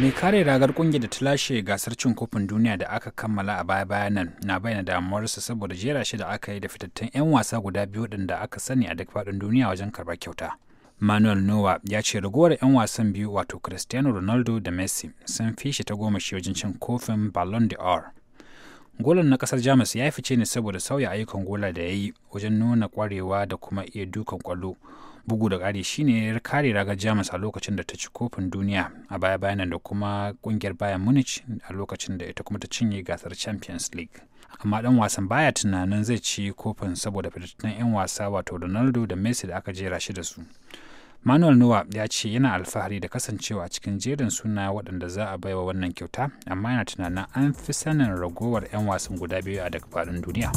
mai kare ragar kungiyar da ta lashe gasar cin kofin duniya da aka kammala a baya bayan nan na bayyana damuwarsa saboda jera shi da aka yi da fitattun 'yan wasa guda biyu da aka sani a duk faɗin duniya wajen karɓar kyauta manuel noah ya ce ragowar 'yan wasan biyu wato cristiano ronaldo da messi sun fi shi ta goma shi wajen cin kofin ballon d'or golan na kasar jamus ya fice ne saboda sauya ayyukan gola da ya yi wajen nuna kwarewa da kuma iya dukan kwallo bugu da ƙari shine kare ragar jamus a lokacin da ta ci kofin duniya a baya bayanan da kuma kungiyar bayan munich a lokacin da ita kuma ta cinye gasar champions league amma dan wasan baya tunanin zai ci kofin saboda fitattun 'yan wasa wato ronaldo da messi da aka jera shi da su Manuel Noah ya ce yana alfahari da kasancewa cikin jerin suna waɗanda za a baiwa wannan kyauta, amma yana tunanin an fi sanin ragowar 'yan wasan guda biyu a daga duniya.